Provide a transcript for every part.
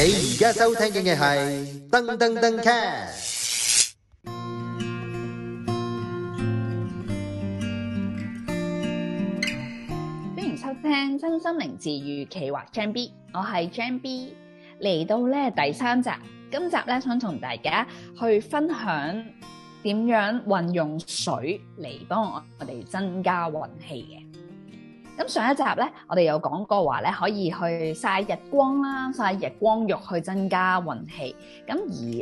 你而家收聽嘅係噔噔噔 cast。歡迎收聽《真心靈治癒企劃》Jam B，我係 Jam B，嚟到咧第三集，今集咧想同大家去分享點樣運用水嚟幫我我哋增加運氣嘅。咁上一集咧，我哋有講過話咧，可以去曬日光啦，曬日光浴去增加運氣。咁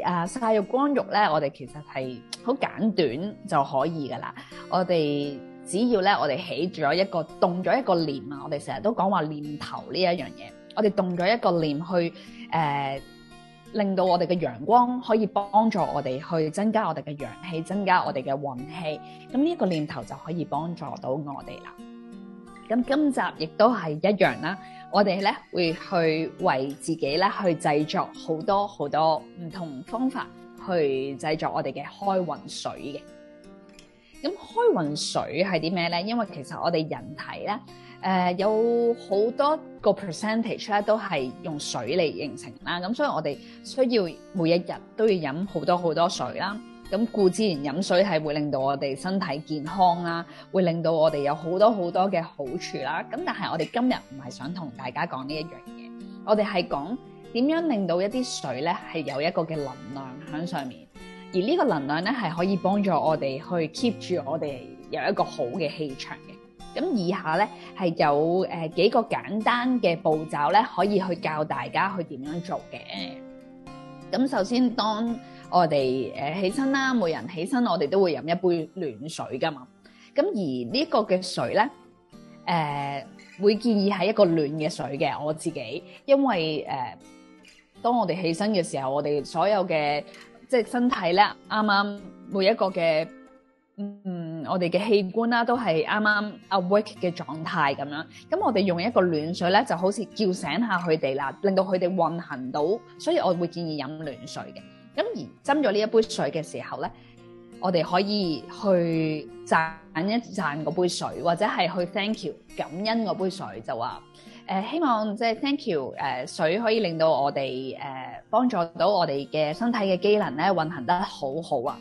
而啊，曬日光浴咧，我哋其實係好簡短就可以噶啦。我哋只要咧，我哋起咗一個，動咗一個念啊，我哋成日都講話念頭呢一樣嘢。我哋動咗一個念去誒、呃，令到我哋嘅陽光可以幫助我哋去增加我哋嘅陽氣，增加我哋嘅運氣。咁呢一個念頭就可以幫助到我哋啦。咁今集亦都係一樣啦，我哋咧會去為自己咧去製作好多好多唔同方法去製作我哋嘅開運水嘅。咁開運水係啲咩咧？因為其實我哋人體咧，誒、呃、有好多個 percentage 咧都係用水嚟形成啦。咁所以我哋需要每一日都要飲好多好多水啦。咁故之然飲水係會令到我哋身體健康啦，會令到我哋有好多好多嘅好處啦。咁但係我哋今日唔係想同大家講呢一樣嘢，我哋係講點樣令到一啲水咧係有一個嘅能量響上面，而呢個能量咧係可以幫助我哋去 keep 住我哋有一個好嘅氣場嘅。咁以下咧係有誒、呃、幾個簡單嘅步驟咧，可以去教大家去點樣做嘅。咁首先當。我哋誒起身啦，每人起身，我哋都會飲一杯暖水㗎嘛。咁而這個呢個嘅水咧，誒會建議係一個暖嘅水嘅。我自己的的因為誒、呃，當我哋起身嘅時候，我哋所有嘅即係身體咧，啱啱每一個嘅嗯，我哋嘅器官啦，都係啱啱 awake 嘅狀態咁樣。咁我哋用一個暖水咧，就好似叫醒一下佢哋啦，令到佢哋運行到，所以我會建議飲暖水嘅。咁而斟咗呢一杯水嘅時候咧，我哋可以去讚一讚嗰杯水，或者係去 thank you 感恩嗰杯水，就話、呃、希望即係、就是、thank you、呃、水可以令到我哋、呃、幫助到我哋嘅身體嘅機能咧運行得好好啊！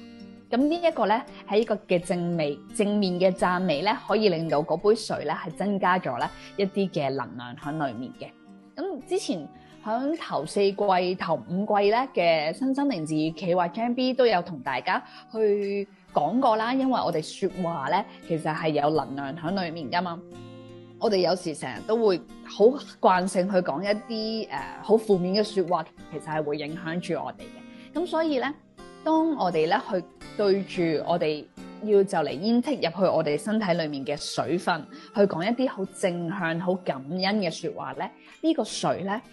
咁呢一個咧喺一個嘅正面正面嘅讚美咧，可以令到嗰杯水咧係增加咗咧一啲嘅能量喺裏面嘅。咁之前，喺頭四季、頭五季咧嘅新生靈智企劃 M B 都有同大家去講過啦。因為我哋説話咧，其實係有能量喺裡面噶嘛。我哋有時成日都會好慣性去講一啲誒好負面嘅説話，其實係會影響住我哋嘅。咁所以咧，當我哋咧去對住我哋要就嚟 inject 入去我哋身體裡面嘅水分，去講一啲好正向、好感恩嘅説話咧，呢個水咧～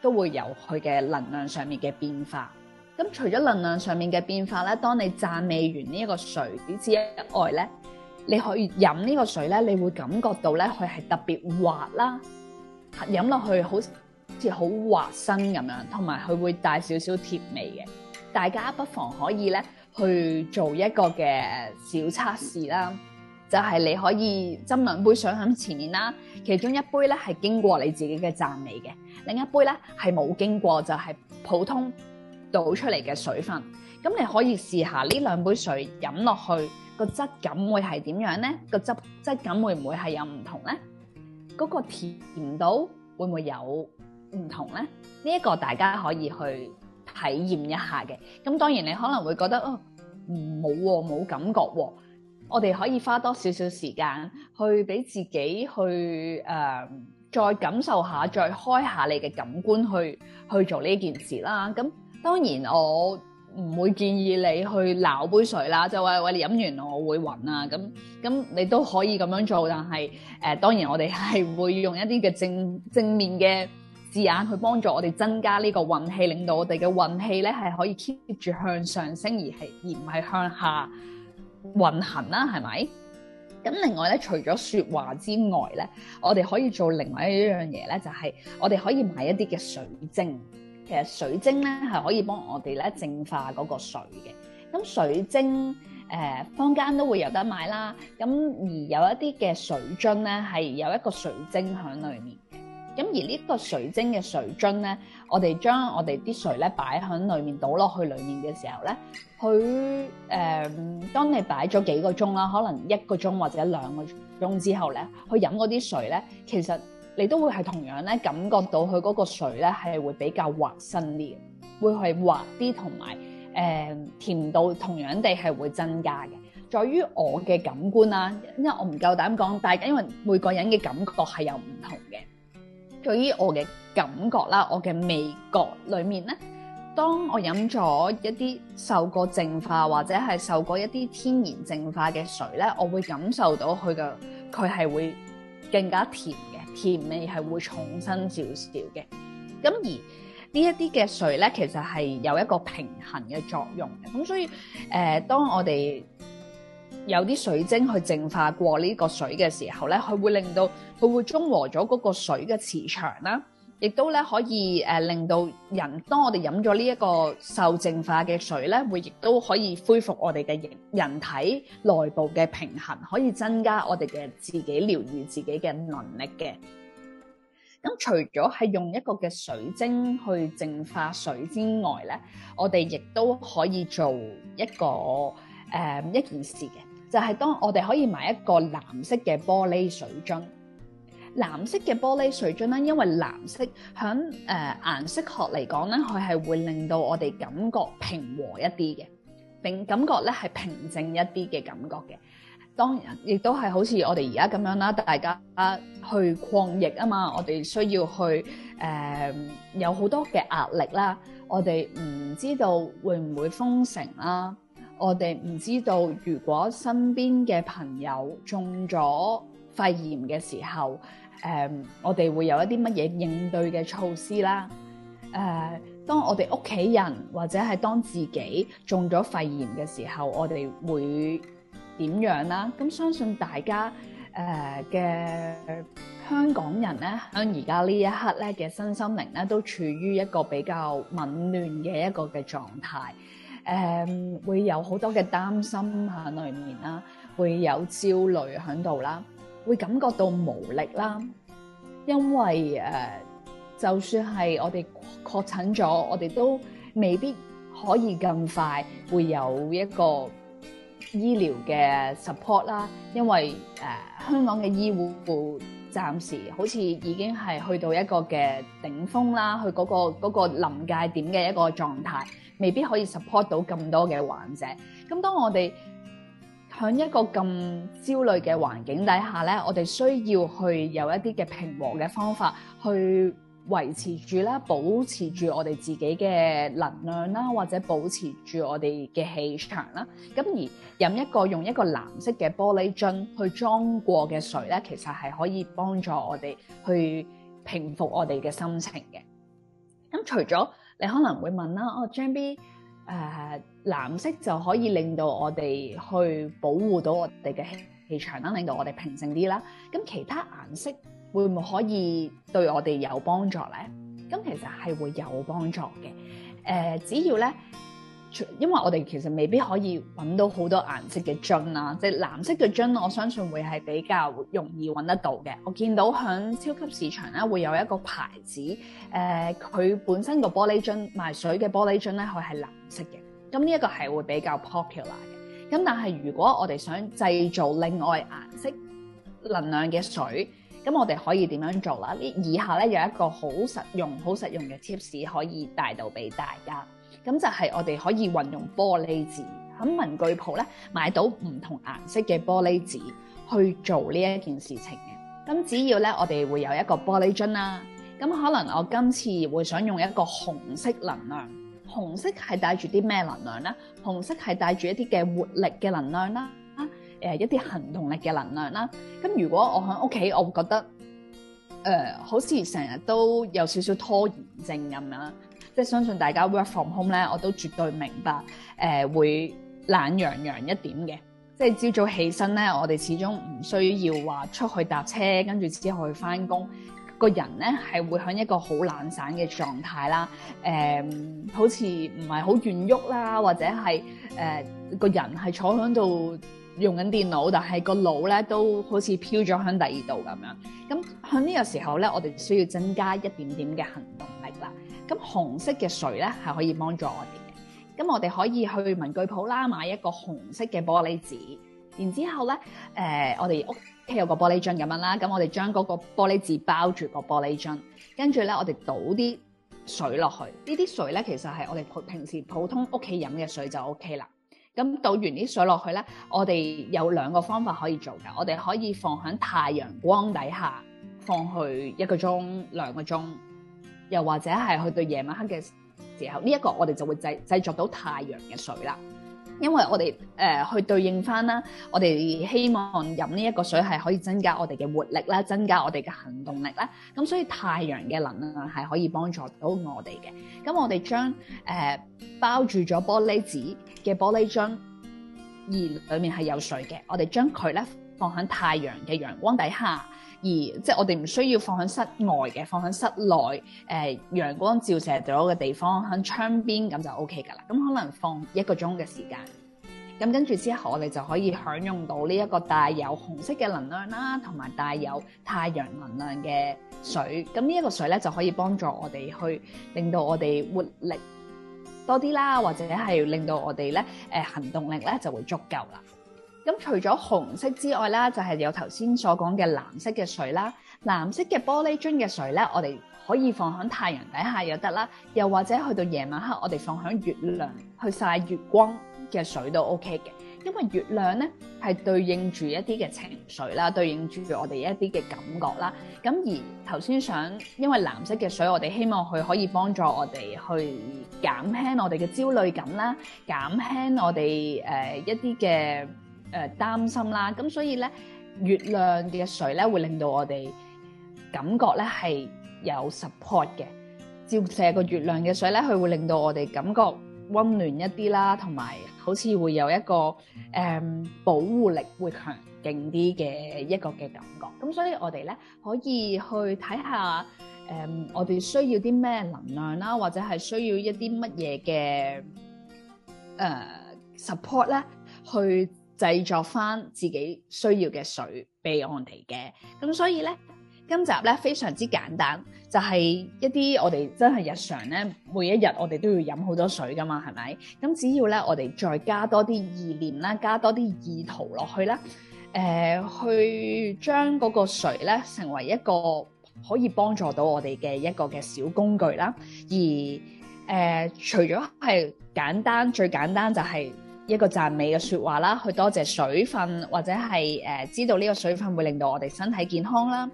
都會有佢嘅能量上面嘅變化。咁除咗能量上面嘅變化咧，當你讚美完呢一個水之外咧，你可以飲呢個水咧，你會感覺到咧佢係特別滑啦，飲落去好似好滑身咁樣，同埋佢會帶少少甜味嘅。大家不妨可以咧去做一個嘅小測試啦。就係你可以斟兩杯水，喺前面啦，其中一杯咧係經過你自己嘅讚美嘅，另一杯咧係冇經過，就係、是、普通倒出嚟嘅水分。咁你可以試下呢兩杯水飲落去個質感會係點樣咧？個質質感會唔會係有唔同咧？嗰、那個甜度會唔會有唔同咧？呢、這、一個大家可以去體驗一下嘅。咁當然你可能會覺得哦，冇喎、哦，冇感覺喎、哦。我哋可以花多少少時間去俾自己去、呃、再感受下，再開下你嘅感官去去做呢件事啦。咁、嗯、當然我唔會建議你去攪杯水啦，就喂喂，你飲完我會暈啊。咁、嗯、咁、嗯、你都可以咁樣做，但係、呃、當然我哋係會用一啲嘅正正面嘅字眼去幫助我哋增加呢個運氣，令到我哋嘅運氣咧係可以 keep 住向上升，而係而唔係向下。運行啦，係咪？咁另外咧，除咗説話之外咧，我哋可以做另外一樣嘢咧，就係、是、我哋可以買一啲嘅水晶。其實水晶咧係可以幫我哋咧淨化嗰個水嘅。咁水晶誒、呃、坊間都會有得買啦。咁而有一啲嘅水樽咧係有一個水晶喺裏面。咁而呢個水晶嘅水樽呢，我哋將我哋啲水呢擺響裏面倒落去裏面嘅時候呢，佢誒、呃，當你擺咗幾個鐘啦，可能一個鐘或者兩個鐘之後呢，佢飲嗰啲水呢，其實你都會係同樣呢感覺到佢嗰個水呢係會比較滑身啲，會係滑啲同埋誒甜度同樣地係會增加嘅，在於我嘅感官啦，因為我唔夠膽講，但係因為每個人嘅感覺係有唔同嘅。對於我嘅感覺啦，我嘅味覺裏面咧，當我飲咗一啲受過淨化或者係受過一啲天然淨化嘅水咧，我會感受到佢嘅佢係會更加甜嘅甜味係會重新少少嘅。咁而這些呢一啲嘅水咧，其實係有一個平衡嘅作用嘅。咁所以誒、呃，當我哋有啲水晶去淨化過呢個水嘅時候咧，佢會令到佢會中和咗嗰個水嘅磁場啦，亦都咧可以誒令到人。當我哋飲咗呢一個受淨化嘅水咧，會亦都可以恢復我哋嘅人體內部嘅平衡，可以增加我哋嘅自己療愈自己嘅能力嘅。咁除咗係用一個嘅水晶去淨化水之外咧，我哋亦都可以做一個。誒、um, 一件事嘅，就係、是、當我哋可以買一個藍色嘅玻璃水樽，藍色嘅玻璃水樽咧，因為藍色響誒顏色學嚟講咧，佢係會令到我哋感覺平和一啲嘅，並感覺咧係平靜一啲嘅感覺嘅。當然，亦都係好似我哋而家咁樣啦，大家去抗疫啊嘛，我哋需要去誒、呃、有好多嘅壓力啦，我哋唔知道會唔會封城啦、啊。我哋唔知道，如果身邊嘅朋友中咗肺炎嘅時候，誒、呃，我哋會有一啲乜嘢應對嘅措施啦？誒、呃，當我哋屋企人或者係當自己中咗肺炎嘅時候，我哋會點樣啦？咁相信大家誒嘅、呃、香港人咧，響而家呢一刻咧嘅身心靈咧，都處於一個比較紊亂嘅一個嘅狀態。誒會有好多嘅擔心喺內面啦，會有焦慮喺度啦，會感覺到無力啦，因為誒，就算係我哋確診咗，我哋都未必可以更快會有一個醫療嘅 support 啦，因為誒，香港嘅醫護部。暫時好似已經係去到一個嘅頂峰啦，去嗰個嗰個臨界點嘅一個狀態，未必可以 support 到咁多嘅患者。咁當我哋喺一個咁焦慮嘅環境底下咧，我哋需要去有一啲嘅平和嘅方法去。維持住啦，保持住我哋自己嘅能量啦，或者保持住我哋嘅氣場啦。咁而飲一個用一個藍色嘅玻璃樽去裝過嘅水咧，其實係可以幫助我哋去平復我哋嘅心情嘅。咁除咗你可能會問啦，哦，Jammy，誒藍色就可以令到我哋去保護到我哋嘅氣氣場啦，令到我哋平靜啲啦。咁其他顏色，會唔會可以對我哋有幫助呢？咁其實係會有幫助嘅。誒，只要呢,因為我哋其實未必可以揾到好多顏色嘅樽啦,即係藍色嘅樽,我相信會係比較容易揾得到嘅。我見到響超級市場呢，會有一個牌子，誒，佢本身個玻璃樽，賣水嘅玻璃樽呢，佢係藍色嘅。咁呢一個係會比較 popular 嘅。咁但係如果我哋想製造另外顏色能量嘅水，咁我哋可以點樣做啦？呢以下咧有一個好實用、好實用嘅 tips 可以帶到俾大家。咁就係我哋可以運用玻璃紙，喺文具鋪咧買到唔同顏色嘅玻璃紙，去做呢一件事情嘅。咁只要咧我哋會有一個玻璃樽啦。咁可能我今次會想用一個紅色能量，紅色係帶住啲咩能量呢？紅色係帶住一啲嘅活力嘅能量啦。誒、呃、一啲行動力嘅能量啦，咁如果我喺屋企，我會覺得誒、呃、好似成日都有少少拖延症咁樣。即係相信大家 work from home 咧，我都絕對明白誒、呃、會懶洋洋一點嘅。即係朝早起身咧，我哋始終唔需要話出去搭車，跟住之後去返工，個人咧係會喺一個好懶散嘅狀態啦。誒、呃、好似唔係好願喐啦，或者係誒、呃、個人係坐響度，用緊電腦，但係個腦咧都好似飄咗響第二度咁樣。咁喺呢個時候咧，我哋需要增加一點點嘅行動力啦。咁紅色嘅水咧係可以幫助我哋嘅。咁我哋可以去文具鋪啦，買一個紅色嘅玻璃紙。然之後咧，誒、呃、我哋屋企有個玻璃樽咁樣啦。咁我哋將嗰個玻璃紙包住個玻璃樽，跟住咧我哋倒啲水落去。這些呢啲水咧其實係我哋平時普通屋企飲嘅水就 O K 啦。咁倒完啲水落去呢，我哋有兩個方法可以做㗎。我哋可以放響太陽光底下放去一個鐘兩個鐘，又或者係去到夜晚黑嘅時候呢一、一個我哋就會製製作到太陽嘅水啦。因為我哋誒、呃、去對應翻啦，我哋希望飲呢一個水係可以增加我哋嘅活力啦，增加我哋嘅行動力啦。咁所以太陽嘅能量係可以幫助到我哋嘅。咁我哋將誒、呃、包住咗玻璃紙。嘅玻璃樽，而裏面係有水嘅。我哋將佢咧放喺太陽嘅陽光底下，而即係我哋唔需要放喺室外嘅，放喺室內誒陽光照射到嘅地方，響窗邊咁就 OK 噶啦。咁可能放一個鐘嘅時間，咁跟住之後我哋就可以享用到呢一個帶有紅色嘅能量啦，同埋帶有太陽能量嘅水。咁呢一個水咧就可以幫助我哋去令到我哋活力。多啲啦，或者係令到我哋咧，誒行動力咧就會足夠啦。咁除咗紅色之外啦，就係、是、有頭先所講嘅藍色嘅水啦，藍色嘅玻璃樽嘅水咧，我哋可以放喺太陽底下又得啦，又或者去到夜晚黑，我哋放喺月亮去曬月光嘅水都 OK 嘅。因為月亮咧係對應住一啲嘅情緒啦，對應住我哋一啲嘅感覺啦。咁而頭先想，因為藍色嘅水，我哋希望佢可以幫助我哋去減輕我哋嘅焦慮感啦，減輕我哋誒一啲嘅誒擔心啦。咁所以咧，月亮嘅水咧會令到我哋感覺咧係有 support 嘅，照射個月亮嘅水咧，佢會令到我哋感覺溫暖一啲啦，同埋。好似會有一個誒、嗯、保護力會強勁啲嘅一個嘅感覺，咁所以我哋咧可以去睇下誒、嗯，我哋需要啲咩能量啦，或者係需要一啲乜嘢嘅誒 support 咧，去製作翻自己需要嘅水俾我哋嘅，咁所以咧。今集咧非常之簡單，就係、是、一啲我哋真係日常咧，每一日我哋都要飲好多水㗎嘛，係咪？咁只要咧，我哋再加多啲意念啦，加多啲意圖落去啦，誒、呃，去將嗰個水咧成為一個可以幫助到我哋嘅一個嘅小工具啦。而誒、呃，除咗係簡單，最簡單就係一個讚美嘅説話啦，去多謝水分或者係誒、呃、知道呢個水分會令到我哋身體健康啦。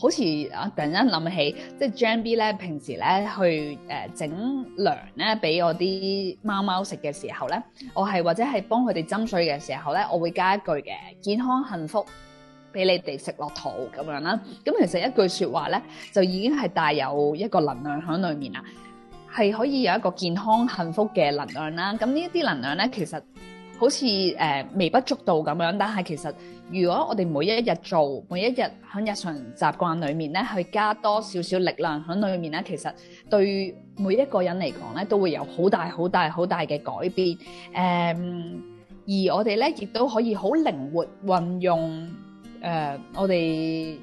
好似啊，突然間諗起，即係 j a m b y 咧，平時咧去誒整、呃、糧咧，俾我啲貓貓食嘅時候咧，我係或者係幫佢哋斟水嘅時候咧，我會加一句嘅健康幸福俾你哋食落肚咁樣啦。咁其實一句説話咧，就已經係帶有一個能量喺裡面啦，係可以有一個健康幸福嘅能量啦。咁呢一啲能量咧，其實～好似誒、呃、微不足道咁樣，但係其實如果我哋每一日做每一日喺日常習慣裏面咧，去加多少少力量喺裏面咧，其實對每一個人嚟講咧，都會有好大好大好大嘅改變、嗯、而我哋咧亦都可以好靈活運用、呃、我哋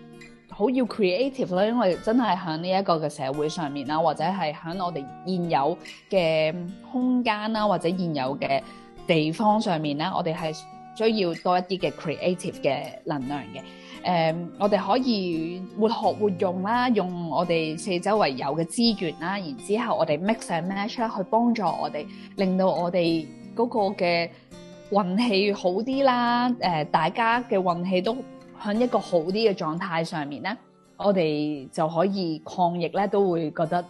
好要 creative 啦，因為真係喺呢一個嘅社會上面啦，或者係喺我哋現有嘅空間啦，或者現有嘅。地方上面咧，我哋係需要多一啲嘅 creative 嘅能量嘅。誒、um，我哋可以活學活用啦，用我哋四周圍有嘅資源啦，然之後我哋 mix and match 啦，去幫助我哋，令到我哋嗰個嘅運氣好啲啦。誒、呃、大家嘅運氣都喺一個好啲嘅狀態上面咧，我哋就可以抗疫咧，都會覺得。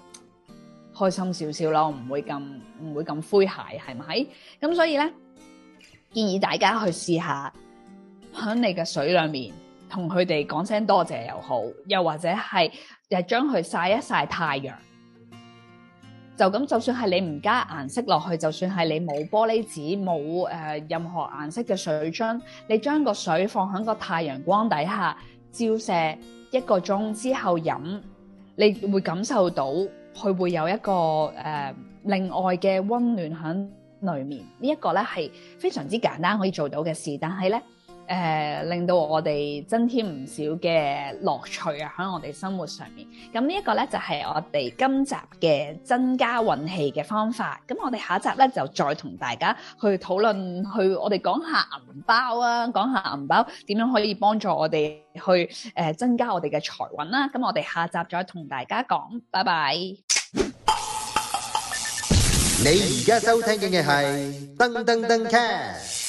開心少少咯，唔會咁唔會咁灰諧，係咪咁？所以呢，建議大家去試下喺你嘅水裏面同佢哋講聲多謝又好，又或者係誒將佢曬一曬太陽。就咁，就算係你唔加顏色落去，就算係你冇玻璃紙冇誒任何顏色嘅水樽，你將個水放喺個太陽光底下照射一個鐘之後飲，你會感受到。佢會有一個誒、呃、另外嘅溫暖喺裏面，這個、呢一個咧係非常之簡單可以做到嘅事，但係咧誒令到我哋增添唔少嘅樂趣啊喺我哋生活上面。咁、嗯這個、呢一個咧就係、是、我哋今集嘅增加運氣嘅方法。咁、嗯、我哋下一集咧就再同大家去討論，去我哋講下銀包啊，講下銀包點樣可以幫助我哋去、呃、增加我哋嘅財運啦。咁、嗯、我哋下集再同大家講，拜拜。你而家收聽嘅係《噔噔噔 cat